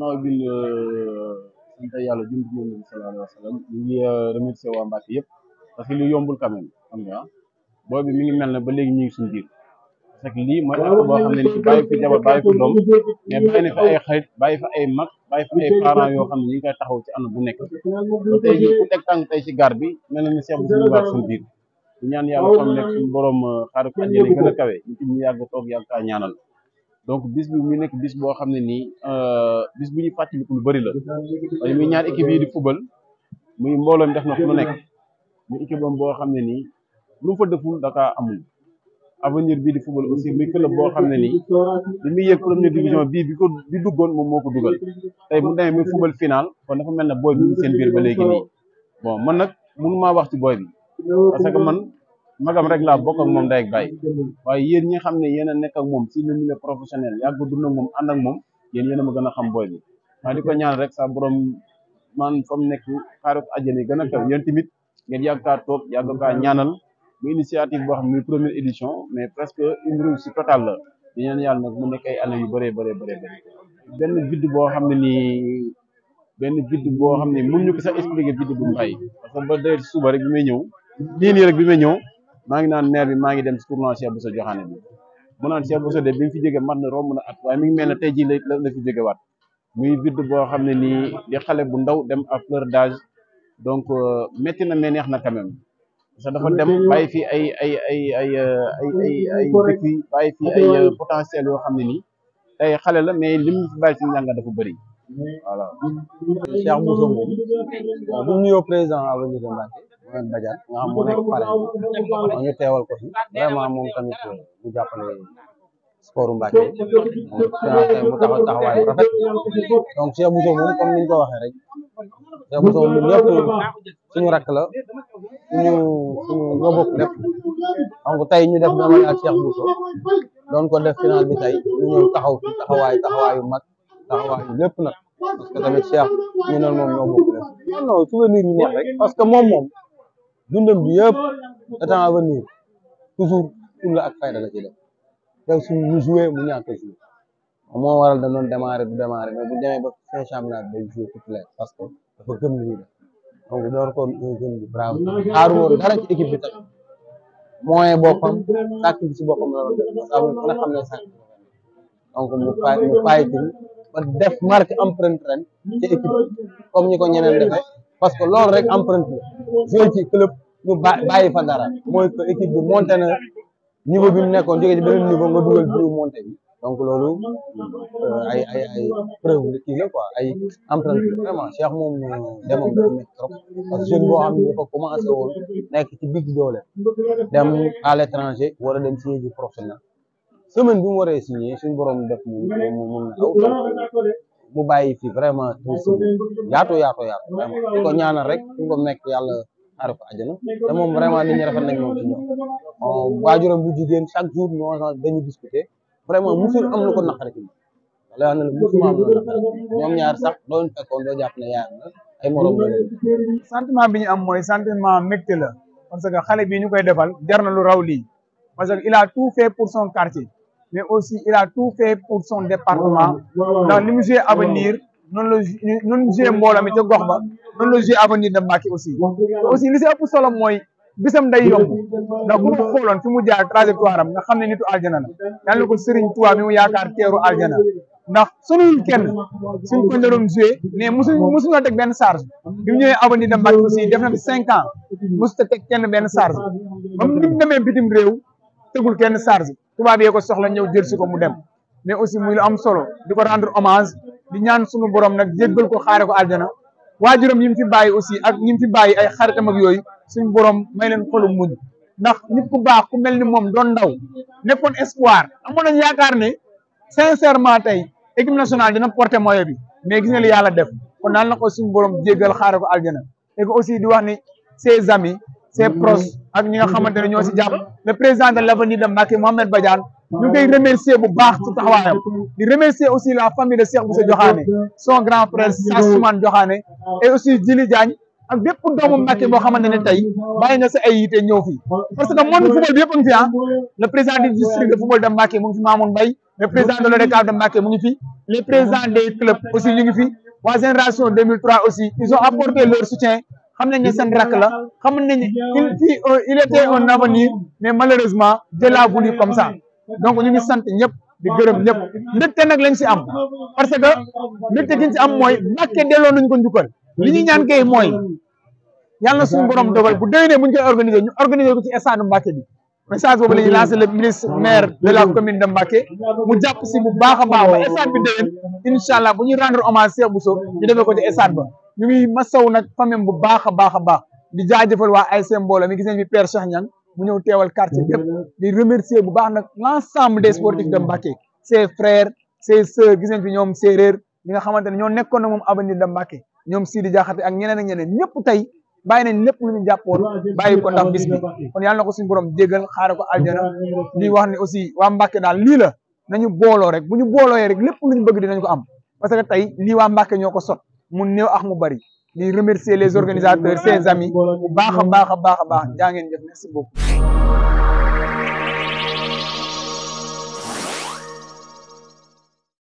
ginnaaw bi ñu euh, sant yàlla jëm ci yonent bi sallallahu alayhi wa sallam ñu euh, que li yombul quand même xam nga bi mi ngi mel ne ba léegi ñu ngi suñu parce que lii mooy affaire boo xam ne ni bàyyi fi jabar bàyyi fi doom mais bàyyi fa ay xarit bàyyi fa ay mag bàyyi fa ay parents yoo xam ne ñu ngi koy taxaw ci anam bu nekk ba tey jii teg tànk tey ci gaar bi mel na ni seex bu suñu gaar suñu biir di ñaan yàlla xam nekk suñu borom euh, xaaral ko àjjana gën a kawe ñu ci yàgg toog yàgg kaa ñaanal donc bis bi mu nekk bis boo xam ne nii euh, bis bu ñuy fàttaliku lu bari la waaye muy ñaar équipe yi di fubal muy mbooloo def na fu mu nekk muy équipe am boo xam ne nii lu mu fa deful daka amul avenir bii di fubal aussi muy club boo xam ne nii li muy yéeg première division bii bi ko bi duggoon moom moo ko dugal tey mu demee muy fubal final kon dafa mel ne booy bi ñu seen biir ba léegi nii bon man nag mënu maa wax ci booy bi parce que man. magam rek laa bokk ak moom day ak baay waaye yéen ñi xam ne yéen a nekk ak moom si le milieu professionnel yàgg dund ak moom ànd ak moom yéen yéen a ma gën a xam booy bi maa di ko ñaan rek sa borom man fa mu nekk xaaru àjjana gën a kaw yéen tamit ngeen yàgg kaa toog yàgg kaa ñaanal mu initiative boo xam ne première édition mais presque une réussite totale la di yàlla nag mu nekk ay année yu bëree bëree bëree bëri benn vide boo xam ne nii benn vide boo xam ne mënuñu ko sax expliquer vide bu mu parce que ba maa ngi naan maire bi maa ngi dem si tournoi Cheikh Bousso Diokhane bi mu naan Cheikh Bousso de bi mu fi jóge mat na romb na at waaye mi ngi mel ne tey ji la la fi waat muy vide boo xam ne nii di xale bu ndaw dem à fleur donc euh, métti na mais neex na quand dafa dem bàyyi fi ay ay ay ay euh, ay ay ay vécu euh, yoo xam ne nii tey xale la mais li mu fi bàyyi si njànga dafa bëri voilà Cheikh Bousso Mohamed Badiane ñu teewal ko fi vraiment moom tamit euh, mu jàppale sportu Mbacké mu taxaw taxawaay rafet donc Cheikh Bousso moom comme niñ ko waxee rek Cheikh Bousso ñun ñëpp suñu rakk la suñu suñu ñoo bokk lépp donc tey ñu def damay ak Cheikh Bousso doon ko def final bi tey ñu ñëw taxaw fi taxawaay taxawaayu mag taxawaayu lépp nag parce que tamit Cheikh ñu noonu moom ñoo bokk lépp non souvenir yu neex rek parce moom moom dundam bi yëpp état à venir toujours pour la ak fayda la ci def def su ñu joué mu ñàkk a joué moo waral da doon démarré du démarré mais bu demee ba fin championnat parce que dafa gëm li ñuy def donc door ko un dara ci équipe bi tam moyen boppam sàkk bi si boppam la doon def parce que ne xam ne sàkk donc mu ba def marque empreinte ren ci équipe comme ñi ko ñeneen defee. parce que loolu rek empreinte la joué ci club ñu ba mooy que équipe bi monté na niveau mu nekkoon jógee ci beneen niveau nga dugal biu monté bi loolu ay ay ay de kii la quoi ay empreinte vraiment Cheikh moom demam dafa métti trop parce que jeune boo xam ne dafa commencé woon nekk ci big doole dem à l' étranger war a dem signé ji professionnel semaine bi mu borom def mu mun na mu bàyyi fi vraiment tuuti yaatu yaatu yaatu vraiment di ko ñaanal rek fu mu nekk yàlla aar ko na te moom vraiment nit ñi rafet nañ moom ci ñoom euh, waajuram bu jigéen chaque jour ñu dañu discuter vraiment musul am lu ko naqari ci moom la na musuma am ñaar sax doon fekkoon doo jàpp ne yaar na ay morom la sentiment bi ñu am mooy sentiment mbégte la parce que xale bi ñu koy defal jar na lu raw lii parce que il a tout fait son quartier mais aussi il a tout fait pour son département ndax li mu joué avenir noonu la noonu joué mi ca gox ba noonu la joué avenir de Mbacké aussi aussi li si ëpp solo mooy bisam day yomb ndax bu mu xooloon fi mu jaar trajectoire am nga xam ne nitu aljana la yàlla ko Serigne Touba mi mu yaakaar teeru aljana ndax suñu kenn suñ ko doon joué mais musu musuñoo teg benn charge bi mu ñëwee avenir de aussi def na fi ta teg kenn benn charge ba mu demee bitim réew tëgul kenn charge tubaab yee ko soxla ñëw jël si ko mu dem mais aussi muy lu am solo di rendre hommage di ñaan sunu borom nag jéggal ko xaare ko aljana waajuram yi mu fi bàyyi aussi ak ñi mu fi bàyyi ay xaritam ak yooyu suñu borom may leen xolu muñ ndax nit ku baax ku mel ni moom doon ndaw nekkoon espoir amoon nañ yaakaar ne sincèrement tey équipe nationale dina porté moyo bi mais gi nga li yàlla def kon naan na ko suñu borom jéggal xaare ko aljana et ses mm. proches ak ñi nga mm. ñoo si jàpp mm. le président de l'avenir de Mbacké Mohamed Badiane ñu ngi koy bu baax ci taxawaayam di remercier aussi la famille de Cheikh Boussa Diokhane son grand frère Sassoumane Diokhane et aussi Djili Diagne ak bépp doomu Mbacké boo xamante ne tey bàyyi sa ay yitte ñëw parce que monde football bi yëpp a ngi fi ah. le président du de football de Mbacké mu fi Mamoun Mbaye le président de l'ODCAV de Mbacké mu fi xam nañ ne seen rakk la xam nañ ne il était un avenir mais malheureusement de la voulu comme ça donc ñu ngi sant ñëpp di gërëm ñëpp ndëgte nag lañ si am parce que ndëgte giñ si am mooy Mbàkke delloo nañ ko njukkal li ñu ñaan kay mooy yàlla suñu borom dogal bu déwénee bu ñu koy organiser ñu organiser ko ci stade Mbàkke bi message boobu la ñuy lancé le ministre maire de la commune de Mbacké mu jàpp si bu baax a baax ma stade bi déwén incha allah bu ñuy rendre hommage Cheikh Bousso ñu defee ko ci stade ba ñu ngi masaw nag famille bu baax a baax a baax di jaajëfal waa ASC Mbooloo mi gis nañ fi Père Cheikh Niang mu ñëw teewal quartier yëpp di remercier bu baax nag l'ensemble des sportifs de Mbacké ses frères ses sœurs gis nañ fi ñoom séeréer ñi nga xamante ne ñoo nekkoon na moom avenir de Mbacké ñoom Sidi Diakhaté ak ñeneen ak ñeneen ñëpp tey bàyyi nañ lépp lu ñu jàppoon bàyyi ko ndax bis bi kon yàlla na ko suñu borom jéggal xaare ko aljana di wax ne aussi waa Mbacké daal lii la nañu booloo rek bu ñu boolooyee rek lépp lu ñu bëgg dinañ ko am parce que ñoo ko sot mun néew ax mu bari di remercier les organisateurs ses amis bu baax a baax a baax a baax jaa ngeen jëf merci